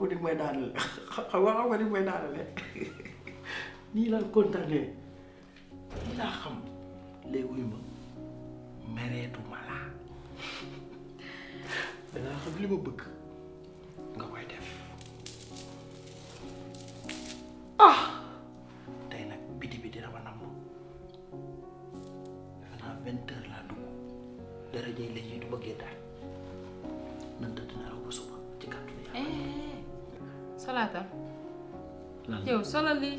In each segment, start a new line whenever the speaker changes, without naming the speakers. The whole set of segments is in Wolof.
kooku ni mooy daanale xam nga xam nga ni mooy daanale nii laa kontaanee nii laa xam léegi wuy ma mereetu ma laa dangaa xam li ma bëgg nga koy def ah tey nag biti bi dina ma namm defe naa vingt heures laa dugg dara jëy léegi du ma génnaat
صلاتا يو صلا لي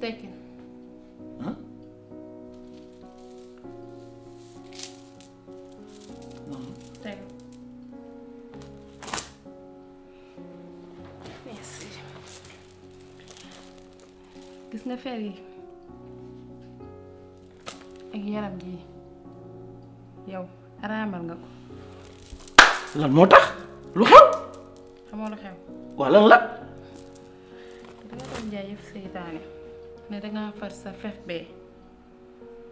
تاكن انا فعلي اجي ربي يو ارامل لك
لا موتا لو حب walang lan la.
danga doon jaay yëf seytaane ne dangaa far sa fef bee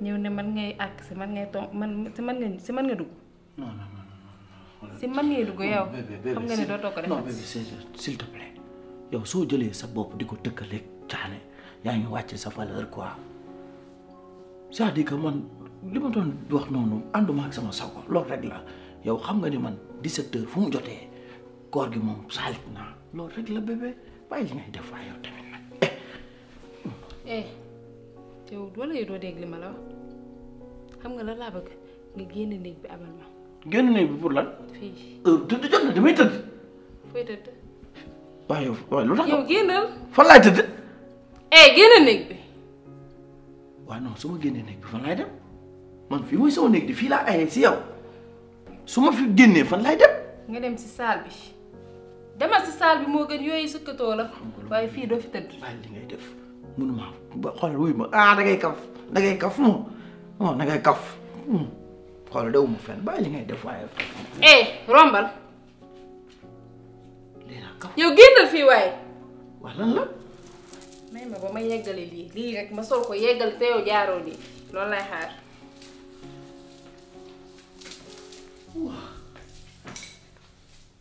ñëw ne man ngay àgg si man ngay toog man si man nga si man nga dugg. non non non si man ngay dugg yow. xam nga ne doo toog ko non bébé
s'il te plaît yow sa di ko tëkkaleeg caane ngi wàcc sa valeur quoi cest à que man li ma wax noonu ànduma ak sama sago rek la yow xam nga ni man 17 fu mu koor gi
loolu rek la bébé
bàyyi ngay def
waaye yow tamit eh yow wala yow doo dégg li ma la wax xam nga la laa bëgg nga génn néeg bi abal
ma. génn néeg bi pour lan. fii
eh, tëdd jot na damay tëdd. fooy tëdd.
waaye yow waaye lu yow génnal. fan laay tëdd.
eh génn néeg bi.
non su ma génnee néeg bi fan laay dem man fii mooy sama néeg di fii laa ayee si yow su ma fi génnee fan laay dem.
nga dem si salle bi. demal si saal bi moo gën yooyu sukkatoo la waaye fii doo fi tëdd. waaye li ngay def
mënuma ba xoolal wuy ma ah da ngay kaf da ngay kaf moom moom da ngay kaf xoolal dewuma fenn bàyyi li ngay def waaye.
eh rombal. dinaa kaf yow génnal fii waaye. waaw lan la. may ma ba ma yeggale lii lii rek ma sol ko yeggal te yow jaaroo lii loolu lay xaar. waaw.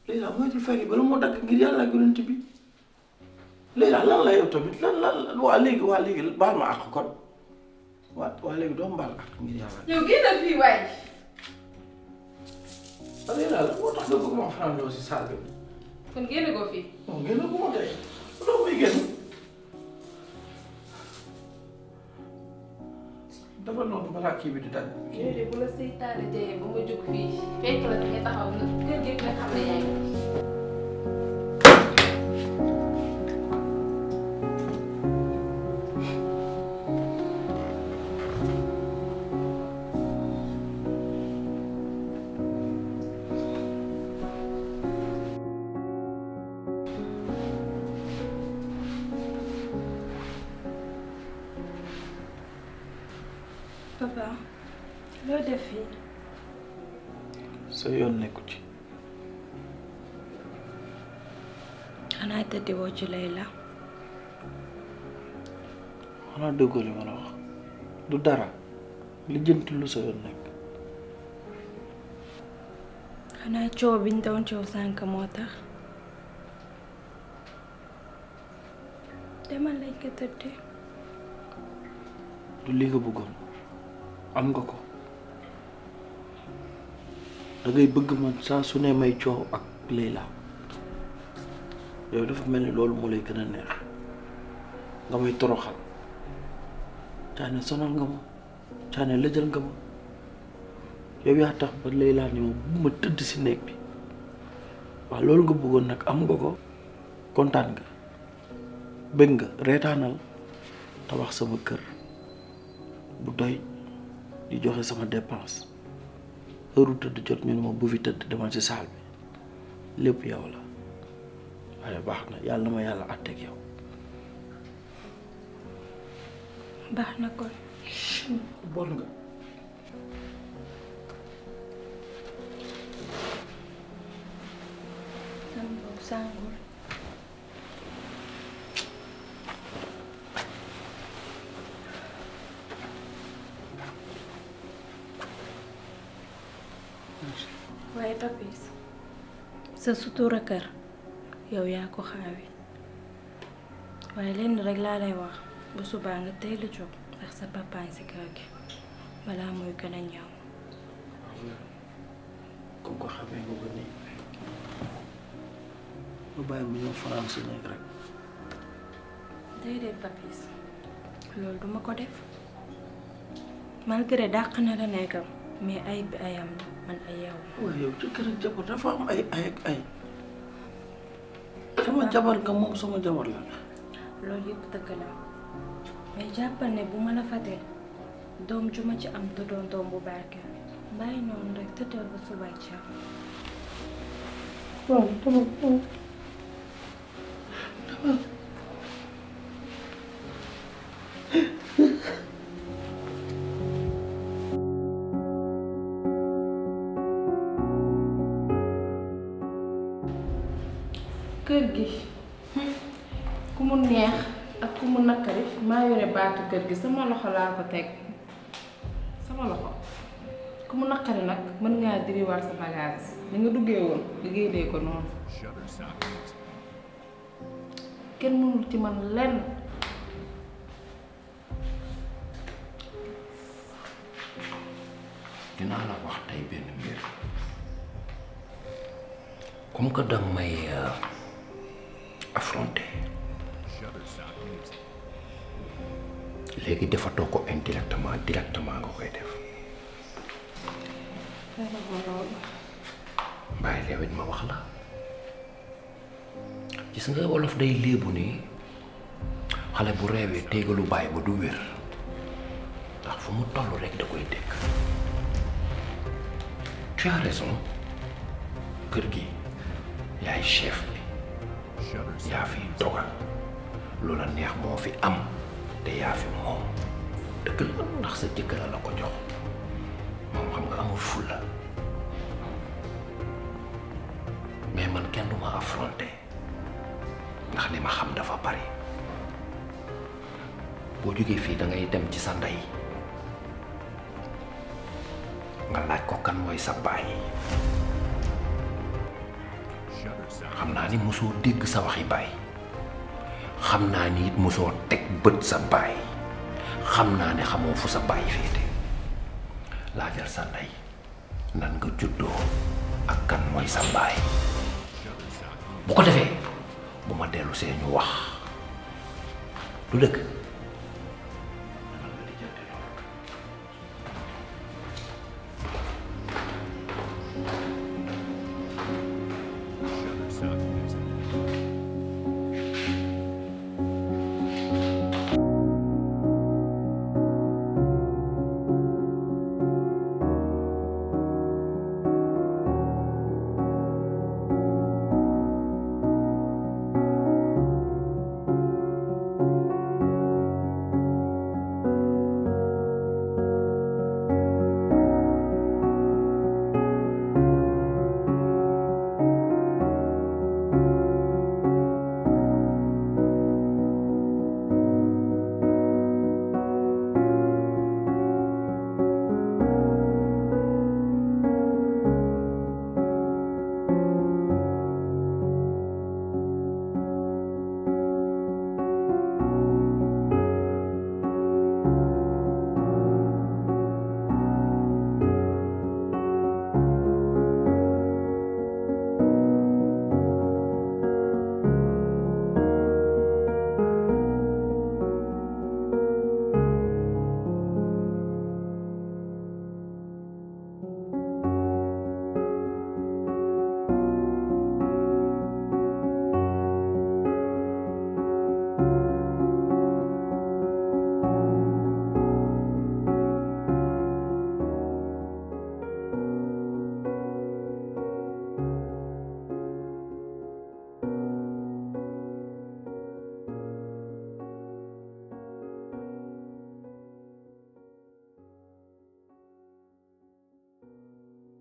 Leïla moytul fer yi bala moo dagg ngir yàlla ak yonent bi Leïla lan la yow tamit lan lan waa léegi waa léegi baal ma àq kon waa waa léegi doo mbaal àq ngir yàlla.
yow génnal fii waay.
waaw Leïla lan moo tax nga bëgg ma faral si saal bi.
kon génne ko fii. non génne ko ma tey doo muy génn.
dafa noonu balaa kii bi di tànn.
yooyu de bu la seytaane teye ba ma jóg fii fekk la nga taxaw na. papa loo def fii.
sa yoon nekku ci.
xanaa tëddi woo ci Layla.
xanaa dëggoo li ma wax du dara li jënt lu sa yoon nekk.
xanaa coow biñ doon coow sànk moo tax. demal lañ ko tëddee.
du li nga bëggoon. am nga ko dangay ngay bëgg man saa su ne may coow ak Leila yow dafa mel ni loolu moo lay gën a neex nga may toroxal caane sonal nga ma caane lëjal nga ma yow yaa tax ba Leila ni ma bu ma tëdd si néeg bi waaw loolu nga bëggoon nag am nga ko kontaan nga bëgg nga reetaanal tabax sama kër bu doy di joxe sama dépense heure tëdd jot ñu ne bu fi tëdd demal ci saal bi lépp yow la waaye baax na yàlla na ma yàlla àtteeg yow. baax na kon. bon nga.
waaye papis sa sutura kër yow yaa ko xaawi waaye lenn rekk laa lay wax bu subaa nga tey la jóg ndax sa papaañ si kër gi balaa muy gën a ñaaw
ko xamee nga ko nii ba bàyyi mu ñëw France nekk rek
déedéet papis loolu duma ko def malgré dàq na la nekkam mais ay bi ayam man ay yow. waaw
yow jëkkër ak jabar dafa am ay ay ay sama jabar nga moom sama jabar la.
loolu yëpp dëgg la mais jàppal ne bu ma la fatee doom juma ci am te doon doom bu barke bàyyi noonu rek tëddal ba suba ca. waaw dama dama. kër gi ku mu neex ak ku mu nakkari maa yore baatu kër gi sama loxo laa ko teg sama loxo ku mu naqari nag mën ngaa diriwaat sa bagage ni nga duggee woon liggéeyee ko noonu kenn mënul ci man lenn dinaa la wax tey benn mbir comme que danga may euh, affronter léegi defatoo ko indirectement directement nga koy def bàyyi leewit ma wax la gis nga wolof day léebu nii xale bu reewee téegalu bàyyi ba du wér ndax fu mu tollu rek da koy dégg tu raison kër gi yaay chef yafi fi dogal lu neex moo fi am te yaa fi moom dëgg la ndax sa jëkkër la ko jox moom xam nga amul fulla mais man kenn ma ndax li ma xam dafa bari boo jógee fii da ngay dem ci sa nga laaj ko kan sa xam naa ni mosoo dégg sa waxi baay xam naa ni it mosoo teg bët sa baay xam naa ne xamoo fu sa baay féete laajal sa ndey nan nga juddoo ak kan mooy sa baay bu ko defee bu ma dellu see ñu wax lu dëgg